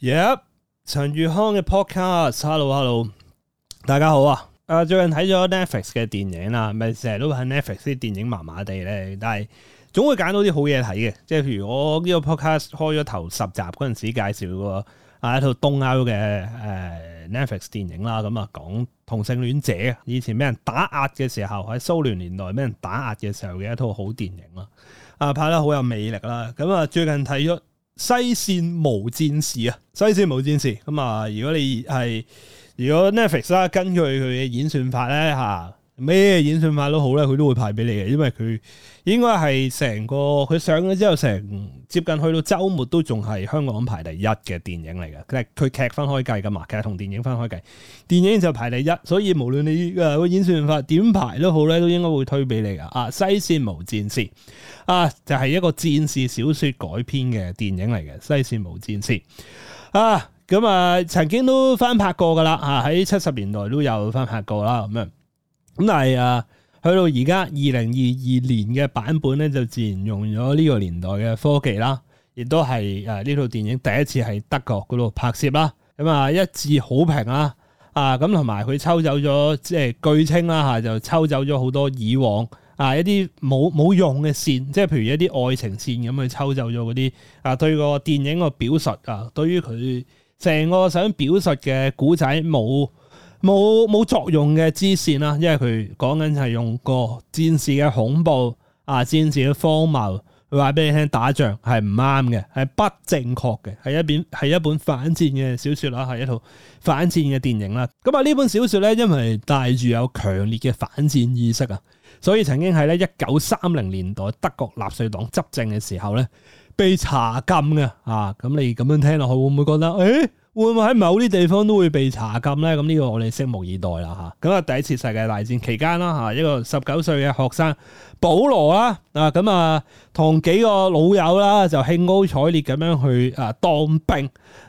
Yep，陳譽康嘅 podcast，hello hello，大家好啊！啊最近睇咗 Netflix 嘅電影啦，咪成日都喺 Netflix 啲電影麻麻地咧，但係總會揀到啲好嘢睇嘅。即係譬如我呢個 podcast 開咗頭十集嗰陣時介紹過啊一套東歐嘅誒 Netflix 電影啦，咁啊講同性戀者啊。以前俾人打壓嘅時候，喺蘇聯年代俾人打壓嘅時候嘅一套好電影啦，啊拍得好有魅力啦。咁啊最近睇咗。西線無戰事啊，西線無戰事。咁啊，如果你係如果 Netflix 啦，根據佢嘅演算法咧，吓。咩演算法都好咧，佢都會派俾你嘅，因為佢應該係成個佢上咗之後，成接近去到周末都仲係香港排第一嘅電影嚟嘅。佢係劇分開計噶嘛，劇同電影分開計，電影就排第一。所以無論你誒個演算法點排都好咧，都應該會推俾你嘅。啊，《西線無戰事》啊，就係、是、一個戰事小說改編嘅電影嚟嘅，《西線無戰事》啊，咁、嗯、啊曾經都翻拍過噶啦，吓，喺七十年代都有翻拍過啦，咁樣。咁但係啊，去到而家二零二二年嘅版本咧，就自然用咗呢個年代嘅科技啦，亦都係誒呢套電影第一次喺德國嗰度拍攝啦，咁啊一致好評啦，啊咁同埋佢抽走咗即係據稱啦吓，就抽走咗好多以往啊一啲冇冇用嘅線，即係譬如一啲愛情線咁去抽走咗嗰啲啊，對個電影個表述啊，對於佢成個想表述嘅古仔冇。冇冇作用嘅支線啦，因為佢講緊係用個戰事嘅恐怖啊，戰事嘅荒謬，佢話俾你聽打仗係唔啱嘅，係不，不正確嘅，係一編係一本反戰嘅小説啦，係一套反戰嘅電影啦。咁、嗯、啊，呢本小説咧，因為帶住有強烈嘅反戰意識啊，所以曾經喺咧一九三零年代德國納粹黨執政嘅時候咧，被查禁嘅啊。咁你咁樣聽落去，會唔會覺得誒？會唔會喺某啲地方都會被查禁咧？咁、這、呢個我哋拭目以待啦吓。咁啊，第一次世界大戰期間啦吓，一個十九歲嘅學生保羅啦啊，咁啊同幾個老友啦、啊、就興高采烈咁樣去啊當兵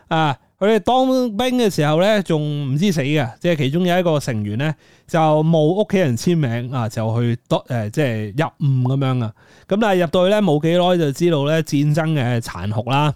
啊。佢哋當兵嘅時候咧，仲唔知死嘅，即係其中有一個成員咧就冇屋企人簽名啊，就去當誒即係入伍咁樣啊。咁、啊、但係入到去咧冇幾耐就知道咧戰爭嘅殘酷啦。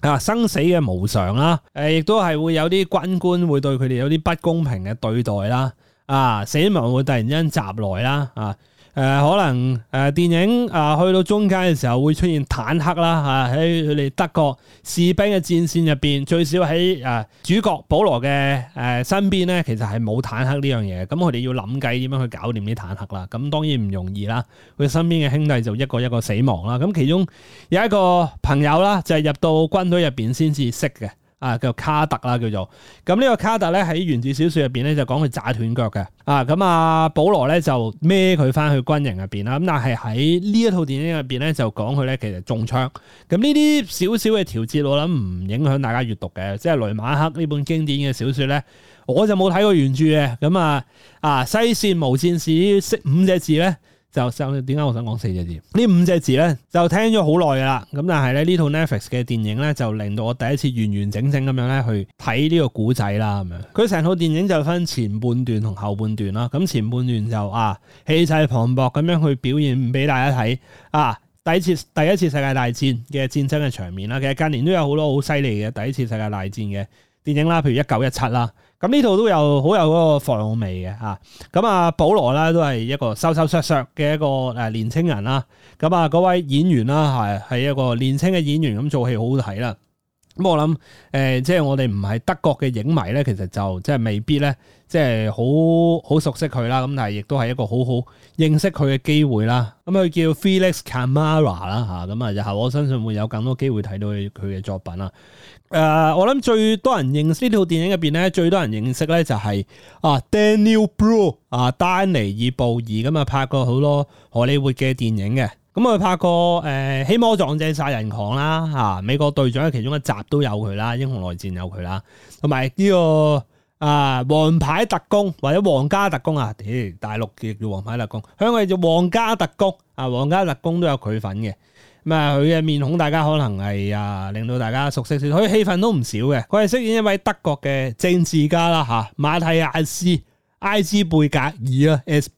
啊，生死嘅無常啦，誒，亦都係會有啲軍官會對佢哋有啲不公平嘅對待啦，啊，死亡會突然之間襲來啦，啊。誒、呃，可能誒、呃，電影啊、呃，去到中間嘅時候會出現坦克啦，吓喺佢哋德國士兵嘅戰線入邊，最少喺誒、呃、主角保羅嘅誒身邊咧，其實係冇坦克呢樣嘢，咁佢哋要諗計點樣去搞掂啲坦克啦，咁、嗯、當然唔容易啦，佢身邊嘅兄弟就一個一個死亡啦，咁、嗯、其中有一個朋友啦，就係、是、入到軍隊入邊先至識嘅。啊，叫卡特啦，叫做咁呢個卡特咧，喺原著小說入邊咧就講佢炸斷腳嘅。啊咁啊保羅咧就孭佢翻去軍營入邊啦，咁但係喺呢一套電影入邊咧就講佢咧其實中槍，咁呢啲少少嘅調節我諗唔影響大家閱讀嘅。即係雷馬克呢本經典嘅小說咧，我就冇睇過原著嘅，咁啊啊西線無戰事識五隻字咧。就點解我想講四隻字？呢五隻字呢，就聽咗好耐嘅啦。咁但係咧呢套 Netflix 嘅電影呢，就令到我第一次完完整整咁樣咧去睇呢個古仔啦。咁樣佢成套電影就分前半段同後半段啦。咁前半段就啊氣勢磅礴咁樣去表現俾大家睇啊第一次第一次世界大戰嘅戰爭嘅場面啦。其實近年都有好多好犀利嘅第一次世界大戰嘅電影啦，譬如一九一七啦。咁呢度都有好有嗰個氛圍味嘅吓，咁、啊、保羅啦、啊、都係一個瘦瘦削削嘅一個年青人啦，咁啊嗰、啊、位演員啦、啊、係一個年青嘅演員，咁做戲好好睇啦。咁、嗯、我諗，誒、呃，即係我哋唔係德國嘅影迷咧，其實就即係未必咧，即係好好熟悉佢啦。咁但係亦都係一個好好認識佢嘅機會啦。咁、嗯、佢叫 Felix Camara 啦、啊，吓咁啊日後我相信會有更多機會睇到佢佢嘅作品啦。誒、啊，我諗最多人認識呢套電影入邊咧，最多人認識咧就係、是、啊 Daniel Bru，啊丹尼爾布爾咁啊拍過好多荷里活嘅電影嘅。咁佢、嗯、拍過誒《黑、呃、魔撞正殺人狂》啦，吓《美國隊長》其中一集都有佢啦，《英雄內戰有》有佢、這、啦、個，同埋呢個啊《王牌特工》或者《皇家特工、哎》啊，屌大陸叫《王牌特工》，香港叫《皇家特工》啊，《皇家特工》都有佢份嘅。咁啊，佢嘅面孔大家可能係啊令到大家熟悉少，佢戲份都唔少嘅。佢係飾演一位德國嘅政治家啦，嚇、啊、馬提亞斯埃斯貝格 b r g e 爾。啊 S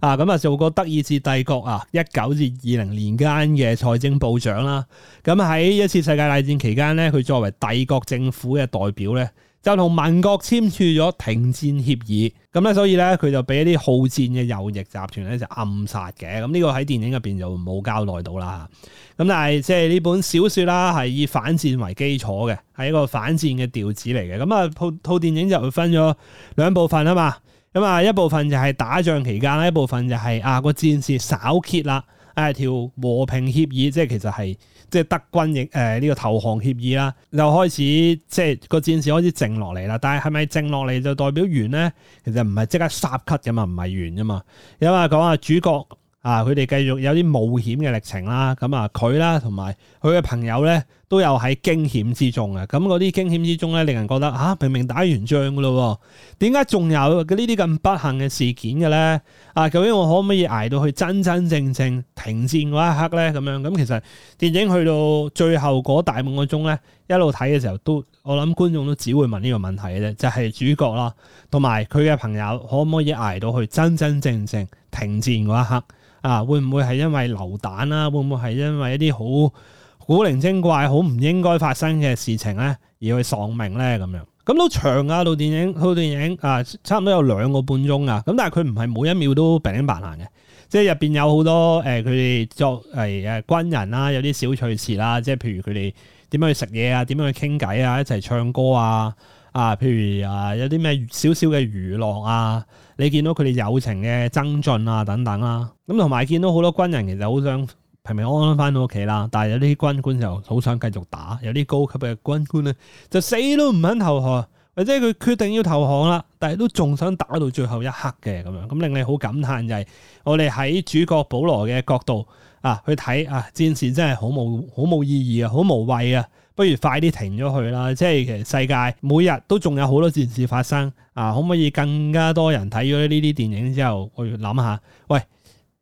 啊，咁啊，做過德意志帝國啊，一九至二零年間嘅財政部長啦。咁喺一次世界大戰期間呢，佢作為帝國政府嘅代表呢，就同民國簽署咗停戰協議。咁呢，所以呢，佢就俾啲好戰嘅右翼集團呢，就暗殺嘅。咁呢個喺電影入邊就冇交代到啦。咁但係即係呢本小説啦，係以反戰為基礎嘅，係一個反戰嘅調子嚟嘅。咁啊，套套電影就分咗兩部分啊嘛。咁啊、嗯，一部分就係打仗期間咧，一部分就係、是、啊個戰士稍歇啦。誒、啊、條和平協議，即係其實係即係德軍亦誒呢個投降協議啦，就開始即係個戰士開始靜落嚟啦。但係係咪靜落嚟就代表完咧？其實唔係即刻煞咳嘅嘛，唔係完嘅嘛。有冇人講啊？主角？啊！佢哋繼續有啲冒險嘅歷程啦，咁啊佢啦，同埋佢嘅朋友咧，都有喺驚險之中嘅。咁嗰啲驚險之中咧，令人覺得啊，明明打完仗噶咯，點解仲有呢啲咁不幸嘅事件嘅咧？啊，究竟我可唔可以捱到去真真正正停戰嗰一刻咧？咁樣咁，其實電影去到最後嗰大半個鐘咧，一路睇嘅時候都，我諗觀眾都只會問呢個問題嘅啫，就係主角咯，同埋佢嘅朋友可唔可以捱到去真真正正停戰嗰一刻？啊，會唔會係因為流彈啦、啊？會唔會係因為一啲好古靈精怪、好唔應該發生嘅事情咧，而去喪命咧咁樣？咁都長啊，套電影，套電影啊，差唔多有兩個半鐘啊。咁但係佢唔係每一秒都兵荒馬亂嘅，即係入邊有好多誒，佢、呃、哋作誒誒、呃、軍人啦、啊，有啲小趣事啦、啊，即係譬如佢哋點樣去食嘢啊，點樣去傾偈啊，一齊唱歌啊。啊，譬如啊，有啲咩少少嘅娛樂啊，你見到佢哋友情嘅增進啊，等等啦，啊，咁同埋見到好多軍人其實好想平平安安翻到屋企啦，但係有啲軍官就好想繼續打，有啲高級嘅軍官咧就死都唔肯投降。即係佢決定要投降啦，但係都仲想打到最後一刻嘅咁樣，咁令你好感嘆就係我哋喺主角保羅嘅角度啊去睇啊戰事，真係好冇好無意義啊，好無謂啊，不如快啲停咗佢啦！即係其實世界每日都仲有好多戰事發生啊，可唔可以更加多人睇咗呢啲電影之後去諗下？喂！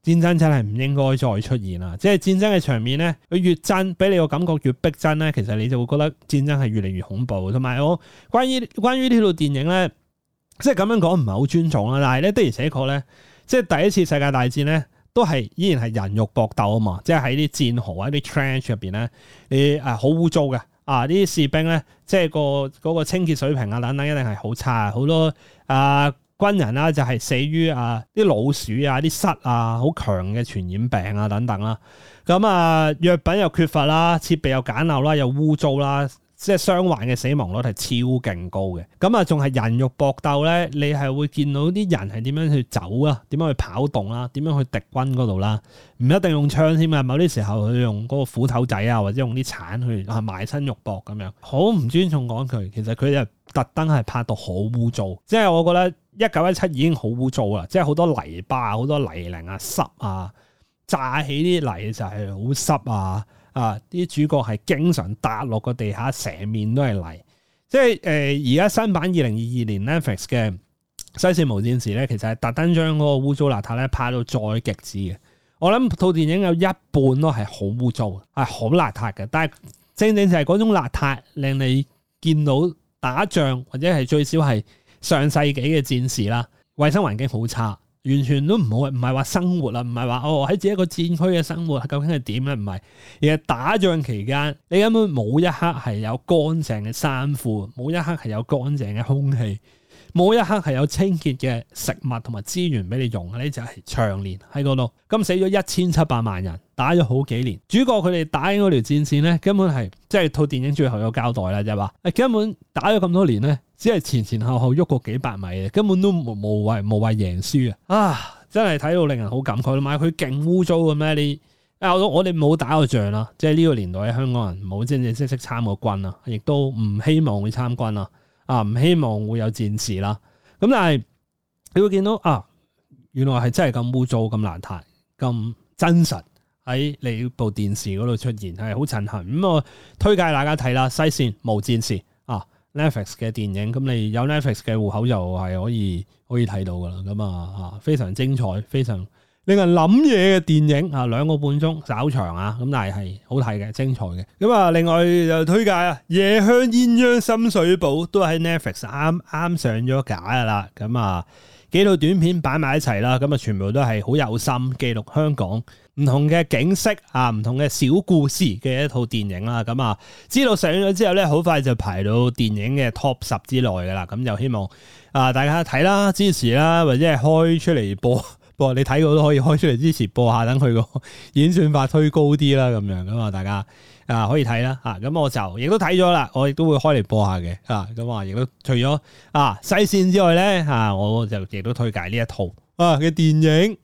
戰爭真係唔應該再出現啦，即係戰爭嘅場面咧，佢越真，俾你個感覺越逼真咧，其實你就會覺得戰爭係越嚟越恐怖。同埋我關於關於呢套電影咧，即係咁樣講唔係好尊重啦，但係咧的而且確咧，即係第一次世界大戰咧都係依然係人肉搏鬥啊嘛，即係喺啲戰壕或啲 trench 入邊咧，你誒好污糟嘅啊，呢啲、啊、士兵咧即係、嗰個、嗰個清潔水平啊等等一定係好差，好多啊。軍人啦，就係死於啊啲老鼠啊、啲虱啊、好強嘅傳染病啊等等啦。咁啊，藥品又缺乏啦，設備又簡陋啦，又污糟啦。即係傷患嘅死亡率係超勁高嘅，咁啊仲係人肉搏鬥咧，你係會見到啲人係點樣去走啊，點樣去跑動啊，點樣去敵軍嗰度啦，唔一定用槍添啊，某啲時候佢用嗰個斧頭仔啊，或者用啲鏟去啊埋身肉搏咁樣，好唔尊重講佢。其實佢就特登係拍到好污糟，即係我覺得一九一七已經好污糟啦，即係好多泥巴啊，好多泥濘啊，濕啊，炸起啲泥就係好濕啊。啊！啲主角係經常打落個地下，成面都係泥。即係誒，而家新版二零二二年 Netflix 嘅《西線無戰事》咧，其實係特登將嗰個污糟邋遢咧拍到再極致嘅。我諗套電影有一半都係好污糟，係好邋遢嘅。但係正正就係嗰種邋遢，令你見到打仗或者係最少係上世紀嘅戰事啦，衞生環境好差。完全都唔好，唔係話生活啦，唔係話哦喺自己一個戰區嘅生活究竟係點咧？唔係，而係打仗期間，你根本冇一刻係有乾淨嘅衫褲，冇一刻係有乾淨嘅空氣。冇一刻係有清潔嘅食物同埋資源俾你用啊！呢就係長年喺嗰度，咁死咗一千七百萬人，打咗好幾年。主角佢哋打緊嗰條戰線咧，根本係即係套電影最後有交代啦，就係話誒，根本打咗咁多年咧，只係前前後後喐過幾百米嘅，根本都無無謂無謂贏輸啊！啊，真係睇到令人好感慨啦。買佢勁污糟嘅咩？你啊，我哋冇打過仗啦，即係呢個年代香港人冇正正式式參過軍啦，亦都唔希望去參軍啦。啊！唔希望會有戰事啦，咁但係你會見到啊，原來係真係咁污糟、咁難睇、咁真實喺你部電視嗰度出現，係好震撼。咁、嗯、我推介大家睇啦，《西線無戰事》啊，Netflix 嘅電影，咁你有 Netflix 嘅戶口又係可以可以睇到噶啦。咁啊啊，非常精彩，非常。令人諗嘢嘅電影啊，兩個半鐘稍長啊，咁但係係好睇嘅，精彩嘅。咁啊，另外就推介啊，《夜香鴛鴦深水埗》都喺 Netflix 啱啱上咗架噶啦。咁、嗯、啊，幾套短片擺埋一齊啦。咁啊，全部都係好有心記錄香港唔同嘅景色啊，唔同嘅小故事嘅一套電影啦。咁、嗯、啊，知道上咗之後咧，好快就排到電影嘅 Top 十之內噶啦。咁、嗯、就希望啊，大家睇啦，支持啦，或者係開出嚟播。不過你睇過都可以開出嚟，支持播下，等佢個演算法推高啲啦，咁樣咁嘛，大家啊可以睇啦，吓、啊、咁我就亦都睇咗啦，我亦都會開嚟播下嘅，吓咁啊，亦、啊、都除咗啊西線之外咧，吓、啊、我就亦都推介呢一套啊嘅電影。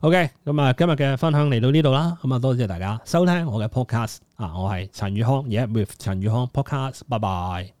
OK，咁、嗯、啊，今日嘅分享嚟到呢度啦，咁啊多謝大家收聽我嘅 podcast，啊我係陳宇康，yeah with 陳宇康 podcast，拜拜。